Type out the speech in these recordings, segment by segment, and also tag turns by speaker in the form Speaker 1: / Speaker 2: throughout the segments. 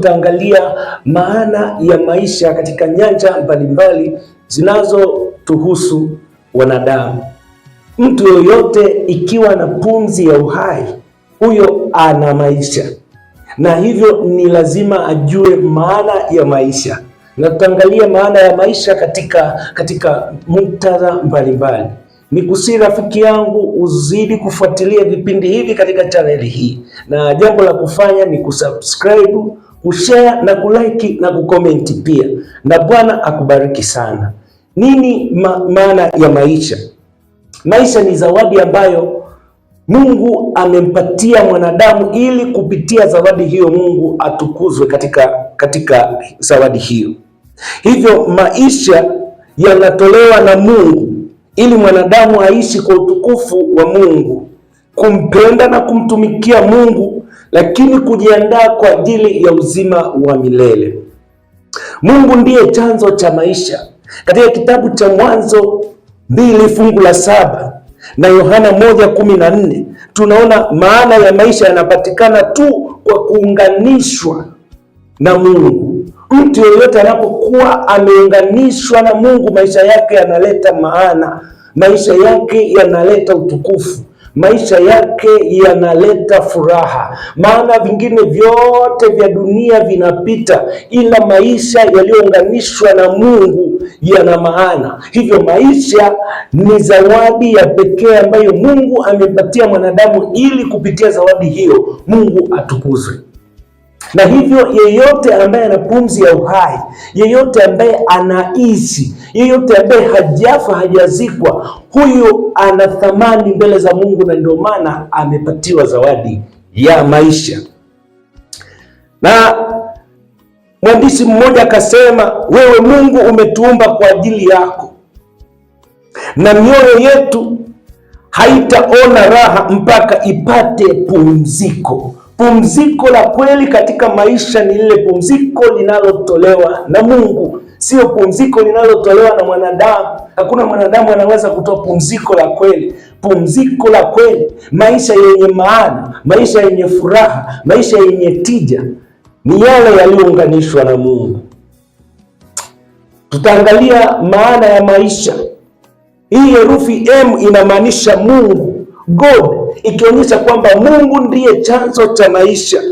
Speaker 1: tutaangalia maana ya maisha katika nyanja mbalimbali zinazotuhusu wanadamu. Mtu yoyote ikiwa na pumzi ya uhai, huyo ana maisha, na hivyo ni lazima ajue maana ya maisha, na tutaangalia maana ya maisha katika, katika muktadha mbalimbali. Ni kusi rafiki yangu uzidi kufuatilia vipindi hivi katika chaneli hii, na jambo la kufanya ni kusubscribe kushare na kulike na kukomenti pia, na Bwana akubariki sana. Nini ma maana ya maisha? Maisha ni zawadi ambayo Mungu amempatia mwanadamu ili kupitia zawadi hiyo Mungu atukuzwe katika, katika zawadi hiyo. Hivyo maisha yanatolewa na Mungu ili mwanadamu aishi kwa utukufu wa Mungu, kumpenda na kumtumikia Mungu lakini kujiandaa kwa ajili ya uzima wa milele. Mungu ndiye chanzo cha maisha. Katika kitabu cha Mwanzo mbili fungu la saba na Yohana moja kumi na nne tunaona maana ya maisha yanapatikana tu kwa kuunganishwa na Mungu. Mtu yeyote anapokuwa ameunganishwa na Mungu, maisha yake yanaleta maana, maisha yake yanaleta utukufu maisha yake yanaleta furaha, maana vingine vyote vya dunia vinapita, ila maisha yaliyounganishwa na Mungu yana maana. Hivyo maisha ni zawadi ya pekee ambayo Mungu amempatia mwanadamu, ili kupitia zawadi hiyo Mungu atukuzwe na hivyo yeyote ambaye ana pumzi ya uhai, yeyote ambaye anaishi, yeyote ambaye hajafa, hajazikwa, huyu ana thamani mbele za Mungu, na ndio maana amepatiwa zawadi ya maisha. Na mwandishi mmoja akasema, wewe Mungu umetuumba kwa ajili yako, na mioyo yetu haitaona raha mpaka ipate pumziko. Pumziko la kweli katika maisha ni lile pumziko linalotolewa na Mungu, sio pumziko linalotolewa na mwanadamu. Hakuna mwanadamu anaweza kutoa pumziko la kweli. Pumziko la kweli, maisha yenye maana, maisha yenye furaha, maisha yenye tija ni yale yaliyounganishwa na Mungu. Tutaangalia maana ya maisha. Hii herufi M inamaanisha Mungu. God, ikionyesha kwamba Mungu ndiye chanzo cha maisha.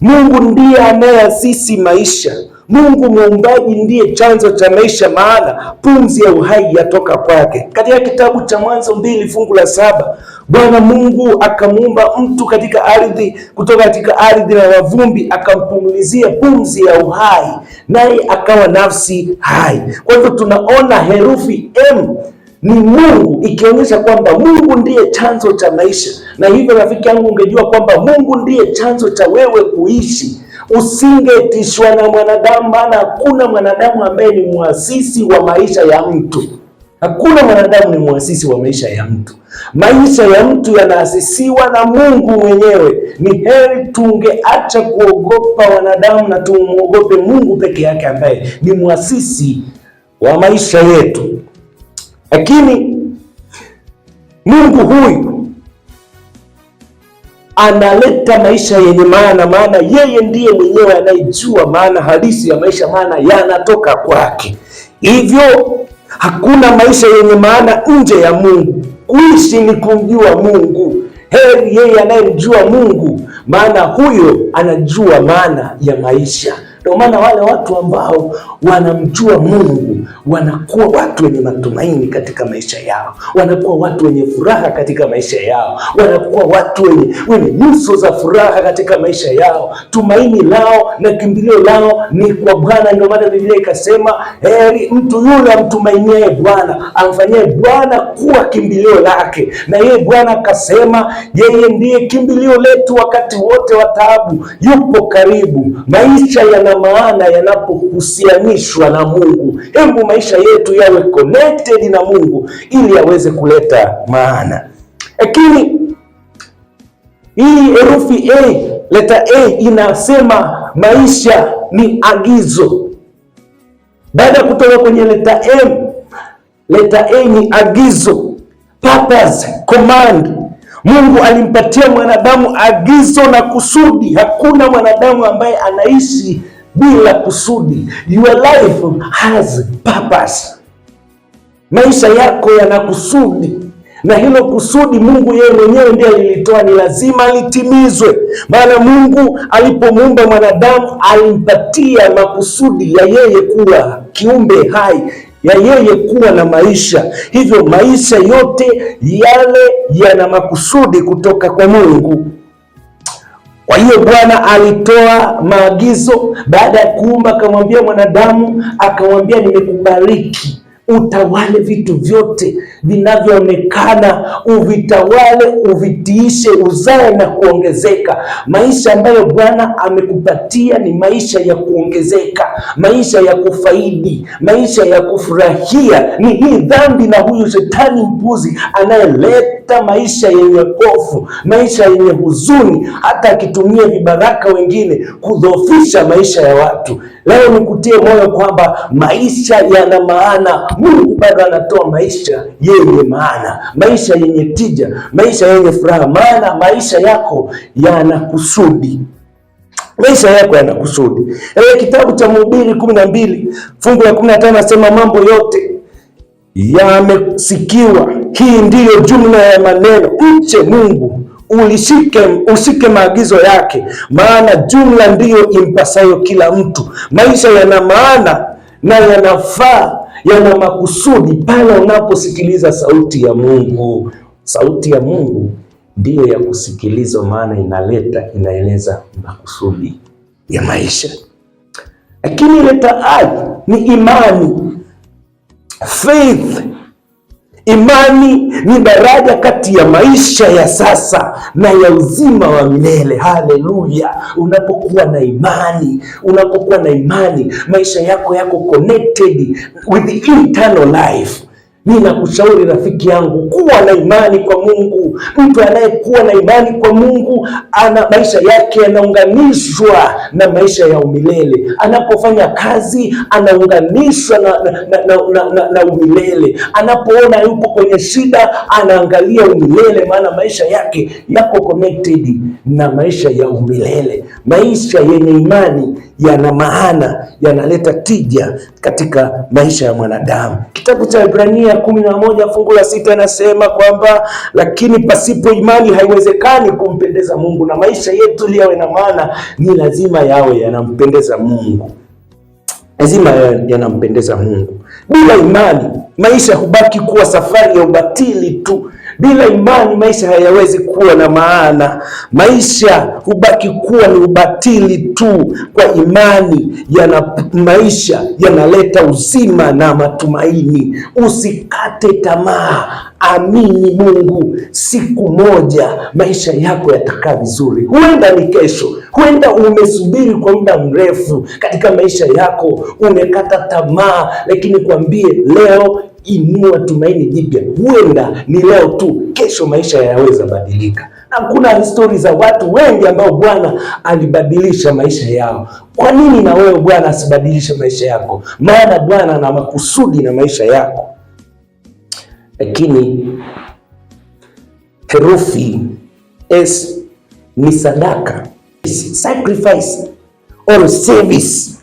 Speaker 1: Mungu ndiye anayeasisi maisha. Mungu muumbaji ndiye chanzo cha maisha, maana pumzi ya uhai yatoka kwake. Katika kitabu cha Mwanzo mbili fungu la saba Bwana Mungu akamuumba mtu katika ardhi, kutoka katika ardhi na mavumbi, akampumulizia pumzi ya uhai, naye akawa nafsi hai. Kwa hivyo tunaona herufi M ni Mungu, ikionyesha kwamba Mungu ndiye chanzo cha maisha. Na hivyo rafiki yangu, ungejua kwamba Mungu ndiye chanzo cha wewe kuishi, usingetishwa na mwanadamu, maana hakuna mwanadamu ambaye ni mwasisi wa maisha ya mtu. Hakuna mwanadamu ni mwasisi wa maisha ya mtu. Maisha ya mtu yanaasisiwa na Mungu mwenyewe. Ni heri tungeacha kuogopa wanadamu na tumwogope Mungu peke yake ambaye ni mwasisi wa maisha yetu. Lakini Mungu huyu analeta maisha yenye maana, maana yeye ndiye mwenyewe anayejua maana halisi ya maisha, maana yanatoka kwake. Hivyo hakuna maisha yenye maana nje ya Mungu. Kuishi ni kumjua Mungu. Heri yeye anayemjua Mungu, maana huyo anajua maana ya maisha. Ndio maana wale watu ambao wanamjua Mungu wanakuwa watu wenye matumaini katika maisha yao, wanakuwa watu wenye furaha katika maisha yao, wanakuwa watu wenye wenye nyuso za furaha katika maisha yao. Tumaini lao na kimbilio lao ni kwa Bwana. Ndio maana Biblia ikasema, heri mtu yule amtumainiaye Bwana, amfanyaye Bwana kuwa kimbilio lake. Na yeye Bwana akasema, yeye ndiye kimbilio letu wakati wote wa taabu, yupo karibu. Maisha yana maana yanapohusianishwa na Mungu. Hebu maisha yetu yawe connected na Mungu ili aweze kuleta maana. Lakini hii herufi A, leta A inasema maisha ni agizo. Baada ya kutoka kwenye leta M, leta A ni agizo, purpose, command. Mungu alimpatia mwanadamu agizo na kusudi. Hakuna mwanadamu ambaye anaishi bila kusudi. Your life has purpose. Maisha yako yana kusudi, na hilo kusudi Mungu yeye mwenyewe ndiye alilitoa, ni lazima litimizwe. Maana Mungu alipomuumba mwanadamu alimpatia makusudi ya yeye kuwa kiumbe hai ya yeye kuwa na maisha. Hivyo maisha yote yale yana makusudi kutoka kwa Mungu. Kwa hiyo Bwana alitoa maagizo baada ya kuumba, akamwambia mwanadamu, akamwambia nimekubariki utawale vitu vyote vinavyoonekana, uvitawale, uvitiishe, uzae na kuongezeka. Maisha ambayo Bwana amekupatia ni maisha ya kuongezeka, maisha ya kufaidi, maisha ya kufurahia. Ni hii dhambi na huyu shetani mpuzi anayeleta analeta maisha yenye hofu, maisha yenye huzuni, hata akitumia vibaraka wengine kudhoofisha maisha ya watu. Leo nikutie moyo kwamba maisha yana maana. Mungu bado anatoa maisha yenye maana, maisha yenye tija, maisha yenye furaha, maana maisha yako yana kusudi maisha yako yana kusudi. Ee, eh, kitabu cha Mhubiri kumi na mbili fungu la kumi na tano nasema mambo yote yamesikiwa hii ndiyo jumla ya maneno, mche Mungu ulishike usike maagizo yake, maana jumla ndiyo impasayo kila mtu. Maisha yana maana na yanafaa, yana makusudi pale unaposikiliza sauti ya Mungu. Sauti ya Mungu ndiyo ya kusikilizwa, maana inaleta inaeleza makusudi ya maisha. Lakini leta ai ni imani, faith Imani ni daraja kati ya maisha ya sasa na ya uzima wa milele. Haleluya! Unapokuwa na imani, unapokuwa na imani, maisha yako yako connected with the eternal life. Ninakushauri rafiki yangu, kuwa na imani kwa Mungu. Mtu anayekuwa na imani kwa Mungu ana maisha yake yanaunganishwa na maisha ya umilele. Anapofanya kazi anaunganishwa na, na, na, na, na, na umilele. Anapoona yupo kwenye shida anaangalia umilele, maana maisha yake yako connected na maisha ya umilele. Maisha yenye imani yana maana, yanaleta tija katika maisha ya mwanadamu. Kitabu cha Ibrania kumi na moja fungu la sita inasema kwamba lakini pasipo imani haiwezekani kumpendeza Mungu, na maisha yetu yawe na maana, ni lazima yawe yanampendeza Mungu, lazima yanampendeza Mungu. Bila imani maisha hubaki kuwa safari ya ubatili tu. Bila imani maisha hayawezi kuwa na maana. Maisha hubaki kuwa ni ubatili tu. Kwa imani yana maisha yanaleta uzima na matumaini. Usikate tamaa, amini Mungu. Siku moja maisha yako yatakaa vizuri. Huenda ni kesho, huenda umesubiri kwa muda mrefu katika maisha yako, umekata tamaa, lakini kwambie leo inua tumaini jipya. Huenda ni leo tu, kesho maisha yanaweza badilika, na kuna histori za watu wengi ambao Bwana alibadilisha maisha yao. Kwa nini na wewe Bwana asibadilishe maisha yako? Maana Bwana ana makusudi na maisha yako. Lakini herufi S ni sadaka, sacrifice or service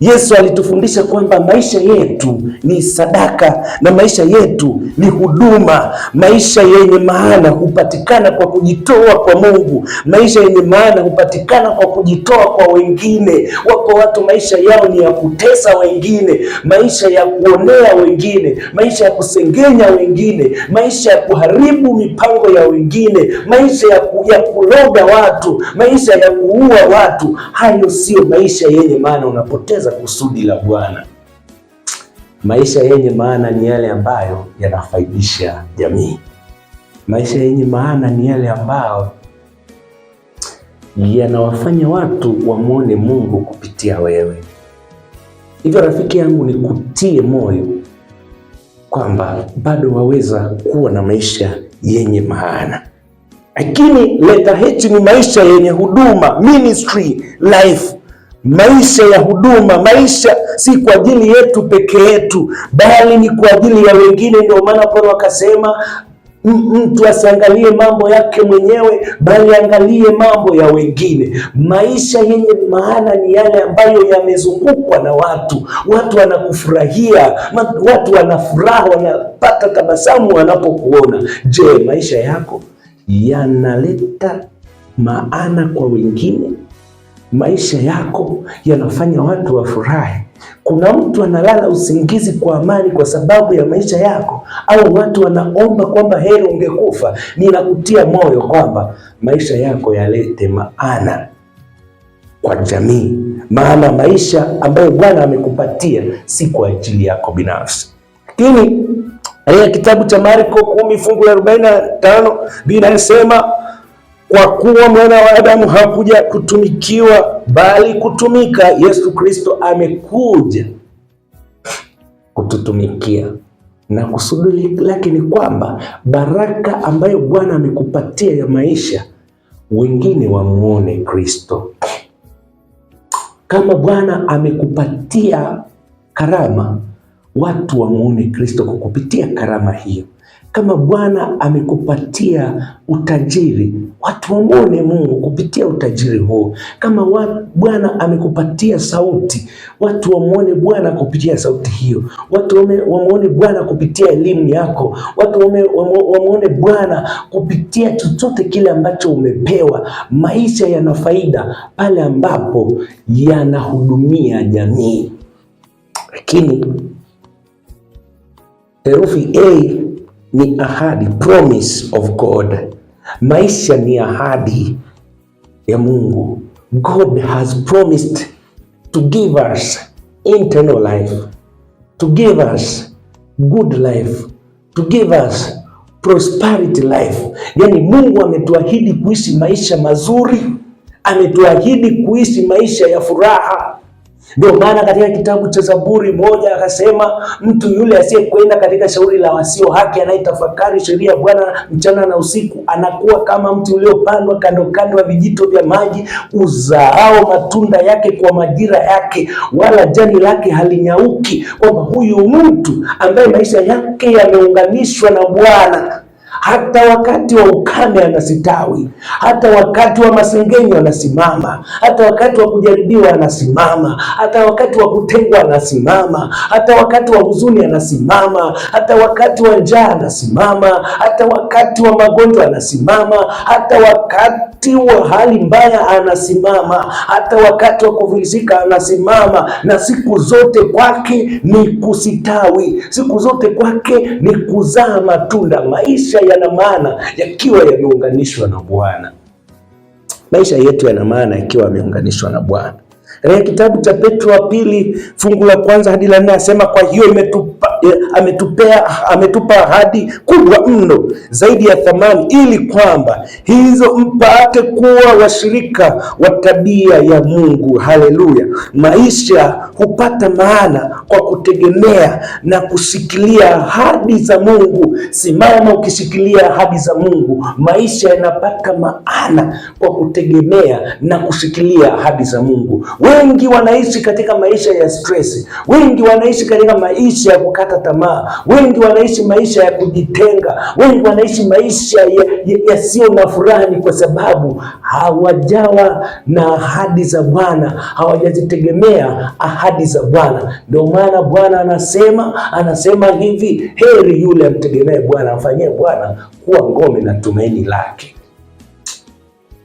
Speaker 1: Yesu alitufundisha kwamba maisha yetu ni sadaka na maisha yetu ni huduma. Maisha yenye maana hupatikana kwa kujitoa kwa Mungu. Maisha yenye maana hupatikana kwa kujitoa kwa wengine. Wako watu maisha yao ni ya kutesa wengine, maisha ya kuonea wengine, maisha ya kusengenya wengine, maisha ya kuharibu mipango ya wengine, maisha ya, ku, ya kuloga watu, maisha ya kuua watu. Hayo sio maisha yenye maana, unapoteza kutekeleza kusudi la Bwana. Maisha yenye maana ni yale ambayo yanafaidisha jamii. Maisha yenye maana ni yale ambayo yanawafanya watu wamwone Mungu kupitia wewe. Hivyo rafiki yangu, ni kutie moyo kwamba bado waweza kuwa na maisha yenye maana, lakini leta hechi ni maisha yenye huduma, ministry life maisha ya huduma, maisha si kwa ajili yetu peke yetu, bali ni kwa ajili ya wengine. Ndio maana Paulo akasema mtu asiangalie mambo yake mwenyewe, bali angalie mambo ya wengine. Maisha yenye maana ni yale ambayo yamezungukwa na watu, watu wanakufurahia, watu wanafuraha, wanapata tabasamu wanapokuona. Je, maisha yako yanaleta maana kwa wengine? maisha yako yanafanya watu wafurahi. Kuna mtu analala usingizi kwa amani kwa sababu ya maisha yako, au watu wanaomba kwamba heri ungekufa. Ninakutia moyo kwamba maisha yako yalete maana kwa jamii, maana maisha ambayo Bwana amekupatia si kwa ajili yako binafsi. Lakini katika kitabu cha Marko 10 fungu la 45 Biblia inasema kwa kuwa mwana wa Adamu hakuja kutumikiwa, bali kutumika. Yesu Kristo amekuja kututumikia, na kusudi lake ni kwamba baraka ambayo Bwana amekupatia ya maisha, wengine wamuone Kristo. Kama Bwana amekupatia karama, watu wamuone Kristo kwa kupitia karama hiyo. Kama Bwana amekupatia utajiri, watu wamwone Mungu kupitia utajiri huo. Kama Bwana amekupatia sauti, watu wamwone Bwana kupitia sauti hiyo. Watu wamwone Bwana kupitia elimu yako. Watu wamwone Bwana kupitia chochote kile ambacho umepewa. Maisha yana faida pale ambapo yanahudumia jamii. Lakini herufi A ni ahadi, promise of God. Maisha ni ahadi ya Mungu. God has promised to give us internal life, to give us good life, to give us prosperity life. Yani, Mungu ametuahidi kuishi maisha mazuri, ametuahidi kuishi maisha ya furaha ndio maana katika kitabu cha Zaburi moja akasema, mtu yule asiyekwenda katika shauri la wasio haki, anayetafakari sheria ya Bwana mchana na usiku, anakuwa kama mti uliopandwa kando kando ya vijito vya maji, uzaao matunda yake kwa majira yake, wala jani lake halinyauki. Kwamba huyu mtu ambaye maisha yake yameunganishwa na Bwana hata wakati wa ukame anasitawi hata wakati wa masengenyo anasimama, hata wakati wa kujaribiwa anasimama, hata wakati wa kutengwa anasimama, hata wakati wa huzuni anasimama, hata wakati wa njaa anasimama, hata wakati wa magonjwa anasimama, hata wakati wa hali mbaya anasimama, hata wakati wa kufilisika anasimama, na siku zote kwake ni kusitawi, siku zote kwake ni kuzaa matunda maisha ya yana maana yakiwa yameunganishwa na Bwana. Maisha yetu yana maana yakiwa yameunganishwa na Bwana. Katika kitabu cha Petro wa pili fungu la kwanza hadi la nne asema kwa hiyo imetupa Eh, ametupea, ametupa ahadi kubwa mno zaidi ya thamani, ili kwamba hizo mpate kuwa washirika wa tabia ya Mungu. Haleluya! Maisha hupata maana kwa kutegemea na kushikilia ahadi za Mungu. Simama ukishikilia ahadi za Mungu, maisha yanapata maana kwa kutegemea na kushikilia ahadi za Mungu. Wengi wanaishi katika maisha ya stress, wengi wanaishi katika maisha ya kukata kukata tamaa. Wengi wanaishi maisha ya kujitenga, wengi wanaishi maisha yasiyo na furaha, ni kwa sababu hawajawa na ahadi za Bwana, hawajazitegemea ahadi za Bwana. Ndio maana Bwana anasema anasema hivi, heri yule amtegemee Bwana, amfanyie Bwana kuwa ngome na tumaini lake.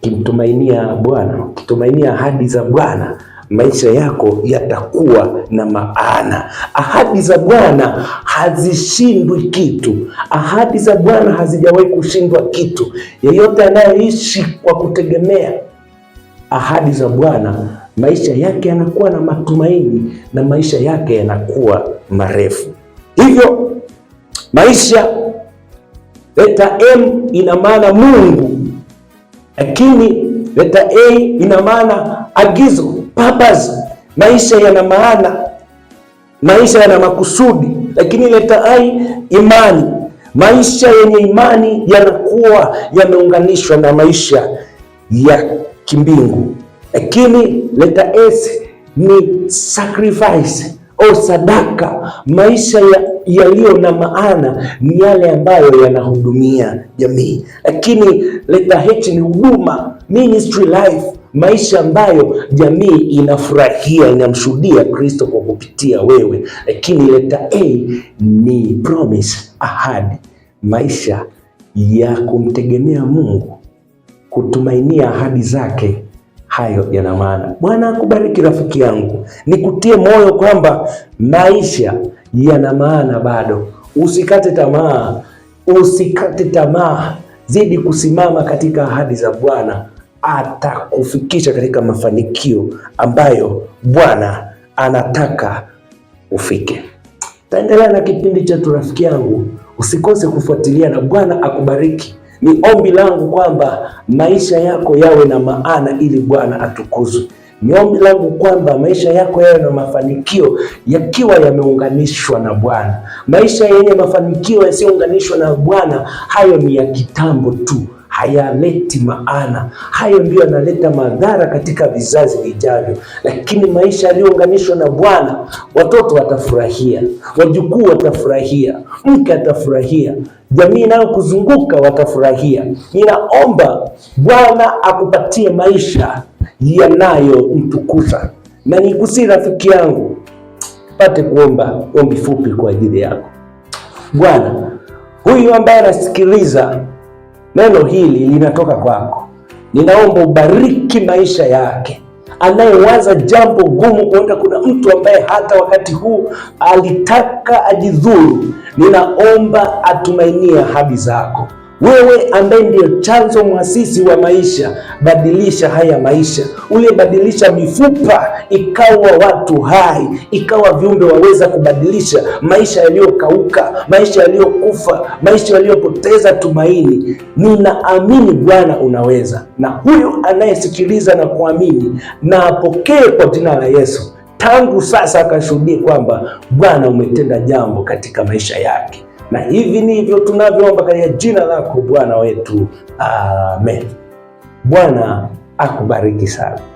Speaker 1: kimtumainia Bwana, kitumainia ahadi za Bwana maisha yako yatakuwa na maana. Ahadi za Bwana hazishindwi kitu. Ahadi za Bwana hazijawahi kushindwa kitu. Yeyote anayeishi kwa kutegemea ahadi za Bwana, maisha yake yanakuwa na matumaini na maisha yake yanakuwa marefu. Hivyo maisha, leta M ina maana Mungu, lakini leta A ina maana agizo purpose. Maisha yana maana, maisha yana makusudi, lakini leta ai imani. Maisha yenye imani yanakuwa yameunganishwa na maisha ya kimbingu. Lakini leta s ni sacrifice au sadaka. Maisha yaliyo na maana ni yale ambayo yanahudumia jamii. Lakini leta h ni huduma, ministry life maisha ambayo jamii inafurahia, inamshuhudia Kristo kwa kupitia wewe. Lakini leta A ni promise, ahadi, maisha ya kumtegemea Mungu, kutumainia ahadi zake. Hayo yana maana. Bwana akubariki rafiki yangu, nikutie moyo kwamba maisha yana maana bado. Usikate tamaa, usikate tamaa, zidi kusimama katika ahadi za Bwana atakufikisha katika mafanikio ambayo Bwana anataka ufike. Taendelea na kipindi chetu rafiki yangu, usikose kufuatilia na Bwana akubariki. Ni ombi langu kwamba maisha yako yawe na maana ili Bwana atukuzwe. Ni ombi langu kwamba maisha yako yawe na mafanikio yakiwa yameunganishwa na Bwana. Maisha yenye mafanikio yasiyounganishwa na Bwana, hayo ni ya kitambo tu hayaleti maana. Hayo ndio yanaleta madhara katika vizazi vijavyo, lakini maisha yaliyounganishwa na Bwana, watoto watafurahia, wajukuu watafurahia, mke atafurahia, jamii inayokuzunguka watafurahia. Ninaomba Bwana akupatie maisha yanayomtukuza na nikusi, rafiki yangu, pate kuomba ombi fupi kwa ajili yako. Bwana huyu ambaye anasikiliza Neno hili linatoka kwako. Ninaomba ubariki maisha yake anayewaza jambo gumu. Kuenda kuna mtu ambaye hata wakati huu alitaka ajidhuru, ninaomba atumainie ahadi zako. Wewe ambaye ndiyo chanzo mwasisi wa maisha, badilisha haya maisha, uliyebadilisha mifupa ikawa watu hai, ikawa viumbe waweza kubadilisha maisha yaliyokauka, maisha yaliyokufa, maisha yaliyopoteza tumaini. Ninaamini Bwana unaweza, na huyu anayesikiliza na kuamini na apokee kwa jina la Yesu, tangu sasa akashuhudia kwamba Bwana umetenda jambo katika maisha yake na hivi ndivyo tunavyoomba katika jina lako Bwana wetu, amen. Bwana akubariki sana.